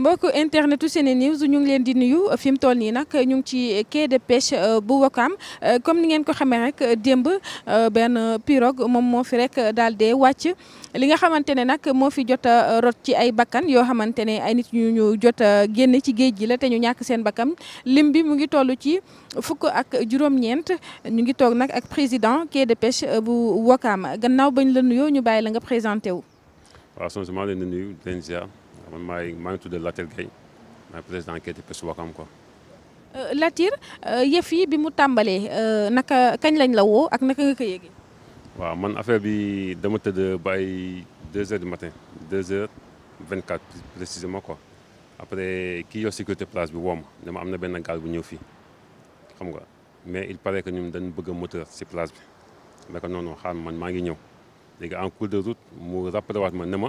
mbokk internetu Sene News ñu ngi leen di nuyu fi mu toll nii nag ñu ngi ci quai de pêche euh, bu Wakaam euh, comme ni ngeen ko xamee rek démb euh, benn pirogue moom moo fi rek daal dee wàcc li nga xamante ne nag moo fi jot a rot ci ay bakkan yoo xamante ne ay nit ñu ñu jot a génn ci géej gi la te ñu ñàkk seen bakkan lim bi mu ngi toll ci fukk ak juróom-ñeent ñu ngi toog nag ak président quai de pêche bu Wakaam gannaaw bañ la nuyoo ñu bàyyi la nga présenté wu. waaw soxna si maa man maay maa ngi tudd Latir Gueye maay président enquête pêche Wakam quoi. Latir yëf yi bi mu tàmbalee euh, naka kañ lañ la woo ak naka nga ko yëgee. waaw man affaire bi dama tëdd ba ay 2 heures du matin 2 heures 24 précisément quoi après kii yor sécurité place bi woo ma dama am na benn gaal bu ñëw fii xam nga mais il paraît que ñun dañ bëgg moteur si place bi mais que non non xaar man maa ngi ñëw léegi en cours de route mu rappelé waat ma ne ma.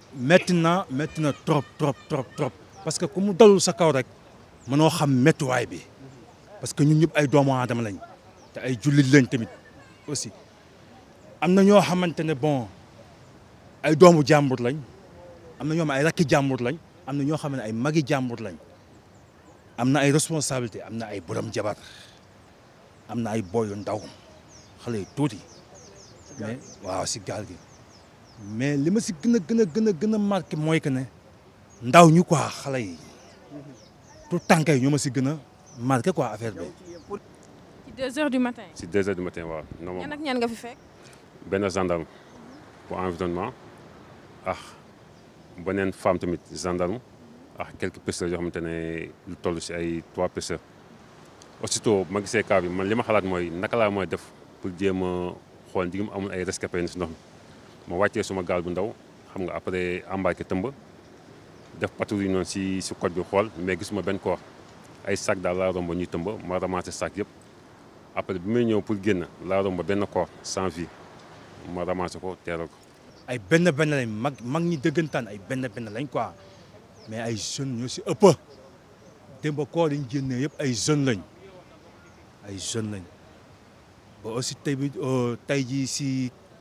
Maintenant.. Maintenant trop trop trop trop parce que comme je suis sa kaw rek mënoo xam méttiwaay bi parce que ñun tous ay doomu Adam lañ te ay Nous lañ tamit aussi des Nous ñoo bon ay doomu gens lañ ont na ay rakki jàmbur lañ ay des gens lañ des ay responsabilité ay mais waaw C'est des mais li si que ne ndaw ñu quoi 2 heures du matin. ci 2 h du matin waaw. non que ñan nga fi fek ben gendarme environnement ah femme tamit gendarme ah quelques pêcheurs yo lu trois aussitôt bi man pour ma wàccee suma gaal bu ndaw xam nga après embarqué tëmb def patrouille noonu si si côte bi xool mais gisuma benn corps ay sac daal laa romba ñuy tëmb ma ramassé sac yëpp après bi may ñëw pour génn laa romba benn corps sans vie ma ramassé ko teeral ko. ay benn benn lañ mag mag ñi dëggantaan ay benn benn lañ quoi mais ay jeunes ñoo si ëpp démb corps yi ñu génnee yëpp ay jeunes lañ ay jeunes lañ ba aussi tey bi euh, tey jii si.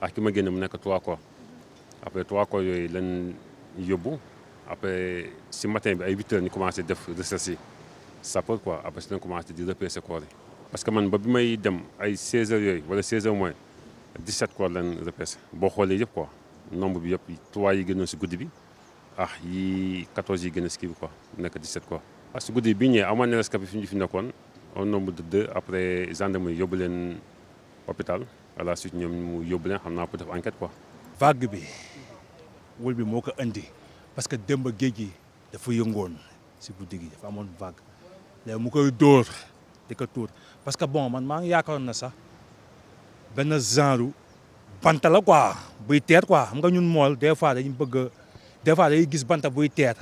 ak ki ma génne mu nekk trois corps après trois corps yooyu lañ yóbbu après si matin bi ay huit heures ñu commencé def recherche yi sapeur quoi après si lañ commencé di repêcher corps yi. parce que man ba bi may dem ay seize heures yooyu wala seize heures moins dix sept corps lañ repêcher boo xoolee yëpp ko nombre bi yëpp trois yi génnoon si guddi bi ah yi quatorze yi génn si kii bi quoi nekk dix sept corps. ah si guddi bi ñëwee amoon na rescapé fi ñu fi nekkoon au nombre de deux après gendarmerie yóbbu leen hôpital. à la suite ñoom mu yóbbu leen xam naa pour def enquête ko vague bi wul bi moo ko indi parce que démb géej gi dafa yëngoon si guddi gi dafa amoon vague léegi mu koy dóor di ko tuur parce que bon man maa ngi yaakaaroon na sax benn genre banta la quoi buy teer quoi xam nga ñun mool des fois dañu bëgg des fois gis banta buy teer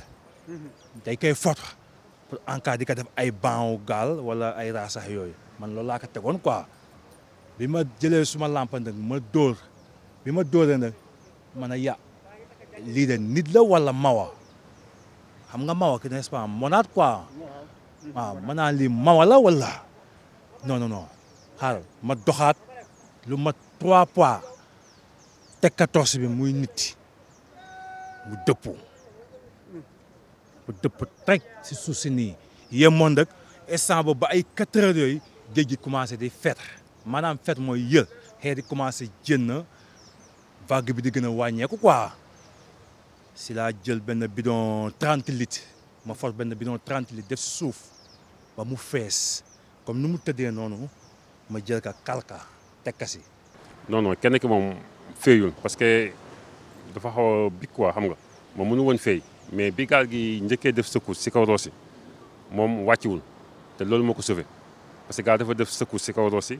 day kay fot pour en di ko def ay banu gaal wala ay raasax yooyu man loolu laa ko tegoon quoi. bi ma jëlee suma làmpa nag ma dóor bi ma dóoree nag man a ya de nit la wala mawa xam nga mawa ki nest monaat quoi waaw ma naan lii mawa la wala non non non ma doxaat lu ma trois poids teg quatorze bi muy nit mu dëpp mu dëpp teg si suuf si nii yemoon nag instant boobu ba ay quatre yooyu géej gi commencé di fetre manam fet moy yë xeer yi commencé jënn vague bi di gëna a wàññeeku quoi si la jël ben bidon 30 litres ma for ben bidon 30 litres def souf ba mu fess comme nu mu tëddee nonu ma jël ka kalka tekka si non non kenn ki mom féeyul parce que dafa xaw bi quoi xam nga moom mënu won féey mais bi gaal gi ñëkke def secousse ci kaw Rossi moom wàcciwul te lolu moo sauver parce que gaal dafa def secousse ci kaw Rossi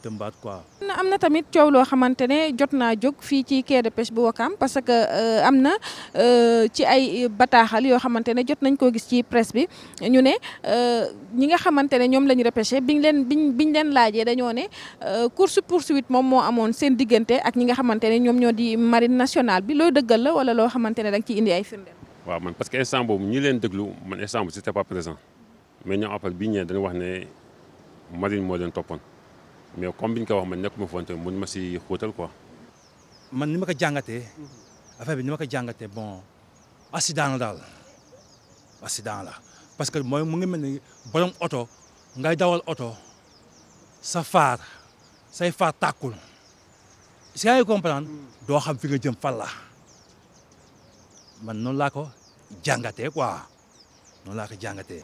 tëmbaat quoi. am na tamit coow loo xamante ne jot naa jóg fii ci quai de pêche parce que euh, am na euh, ci ay bataaxal yoo xamante ne jot nañ koo gis ci press bi ñu ne euh, ñi nga xamante ne ñoom lañu ñu repêché biñ leen biñ biñ leen laajee dañoo ne course poursuite moom moo amoon seen diggante ak ñi nga xamante ne ñoom ñoo di marine nationale bi loo dëggal la wala loo xamante ne da ci ciy indi ay firndeel. waaw man parce que instant boobu ñu leen déglu man instant boobu c'était pas présent mais ñoom appel bi ñu ñëwee wax ne marine moo leen toppoon. mais comme bi ñu wax man nekkuma fonte mun ma si xóotal quoi. man ni ma ko jàngatee affaire bi ni ma ko jàngatee bon accident la daal accident la parce que mooy mu ngi mel ni borom oto ngay dawal oto sa faar say faar tàkkul si yaa ngi hmm. doo xam fi nga jëm fan la man noonu laa ko jàngatee quoi noonu laa ko jàngatee.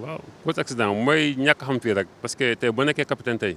waaw cause accident mooy ñàkk xam fii rek parce que tey bu nekkee capitaine tey.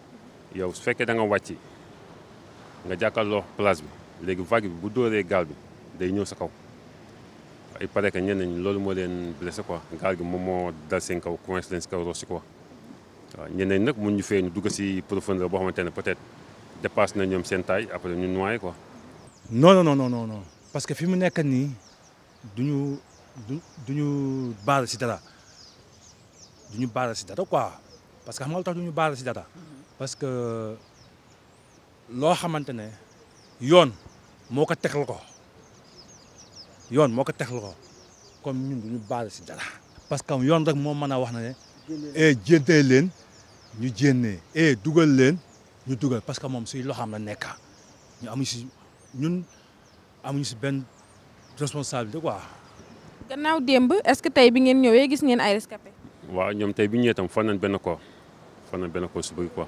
yow su fekkee da nga wàcc nga jàkkaarloo place bi léegi vague bi bu dóoree gaal bi day ñëw sa kaw il paraît que ñenn loolu moo leen blessé ko gaal gi moom moo dal seen kaw coince leen si kaw roos si ko waaw ñenn ñi nag mun ñu fee ñu dugg si profondeur boo xamante ne peut-être dépasse na ñoom seen taille après ñu noyé ko non non non non non parce que fi mu nekk nii du ñu du ñu baara si dara duñu baara si dara quoi parce que xam nga lu tax duñu baara si dara. parce que loo xamante ne yoon moo ko texal ko yoon moo ko texal ko comme ñun du ñu baal si dara. parce que yoon rek moo mën a wax na ne. e eh jéntee leen ñu jénnee e eh dugal leen ñu dugal parce que moom suy loxaam la nekk ñu amuñu si ñun amuñu si benn responsabilité quoi. gannaaw démb est-ce que tey bi ngeen ñëwee gis ngeen ay rescapé. waaw ñoom tey bi ñu ñëwee tam foo nañ benn ko fan nañ benn ko suba quoi.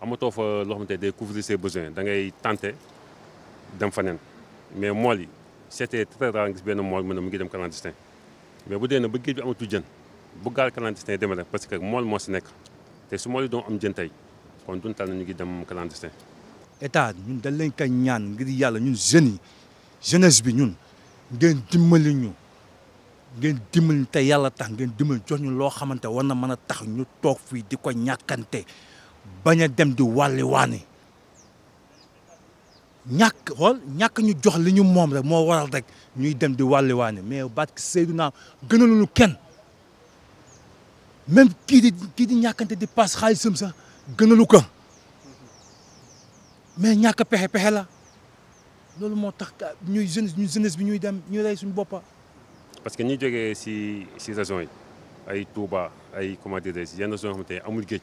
amatoo fa loo xamante day couvrir ses besoins da ngay tenter dem fa nen mais mool yi c'était très rare gis benn mool mu ne mu ngi dem clandestin mais bu dee na ba géej bi amatu jën bu gaal clandestin demee rek parce que mool moo si nekk te su mool yi doon am jën tey kon duntal na ñu ngi dem clandestin état ñun dañ leen koy ñaan ngir yàlla ñun jeunes yi jeunesse bi ñun ngeen dimbali ñu ngeen dimbali ñu te yàlla tax ngeen dimbali jox ñu loo xamante war na mën a tax ñu toog fii di ko ñàkkante bañ dem di wàlli wani ñak xool ñak ñu jox li ñu moom rek mo waral rek ñuy dem di wàlli wani mais baat Seydina gënaluñu kenn même ki di kii di ñàkkante di paas xaalisam sax gënalu ko mais ñak pexé pexe la loolu moo tax ñuy jeunesse ñu jeunesse bi ñuy dem ñuy lay suñu boppa parce que ñi jógee ci si régions yi ay Touba ay comment dire je yenn régions yoo amul géej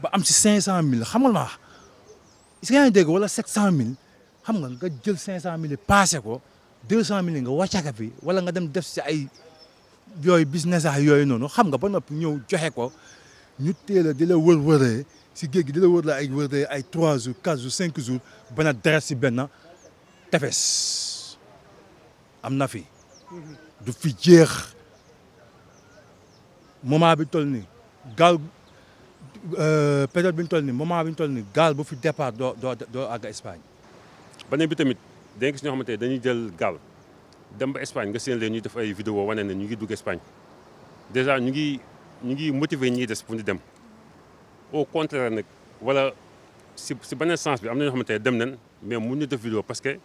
ba am si cinq xam nga ma wax dégg wala 000. Il xam nga nga jël ko y a nga fi wala nga dem def si ay yooyu business ah yooyu noonu xam nga ba noppi ñëw joxe ko ñu a di la wër si géej gi di la wër la ay ay trois jours 4, jours jours bana dara si benn tefes am na fi. Mhm. du fi moment Euh, période bi ñu toll nii moment bi ñu toll nii gaal bu fi départ doo doo doo àgg Espagne. beneen bi tamit dañ gis ñoo xamante ne dañuy jël gaal dem ba Espagne nga seen leen ñuy def ay vidéo wane ne ñu ngi dugg Espagne déjà ñu ngi ñu ngi motiver ñiy des pour ñu dem au contraire nag wala si si beneen sens bi am na ñoo xamante dem nañ mais mun ñu def vidéo parce que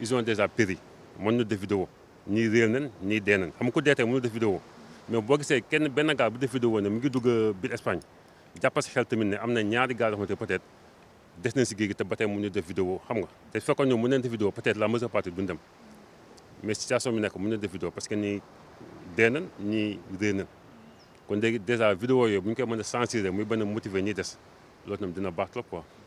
ils ont déjà péri mën ñu def vidéo ñii réer nañ ñii dee nañ xam nga ku dee tey mënu def vidéo mais boo gisee kenn benn gaal bu def vidéo ne mu ngi dugg biir Espagne. jàppa si xel tamit ne am na ñaari gars yoo xamante peut-être des nañ si géej gi te ba tey ñu def vidéo xam nga te fekkoon ñoom mën nañ def vidéo peut-être la majeure partie duñ mais situation bi nekk mun nañ def vidéo parce que ñii dee nañ ñii réer nañ kon léegi déjà vidéo yooyu bu ñu koy mën a censurer muy benn motiver ñiy des loolu tamit dina baax trop quoi.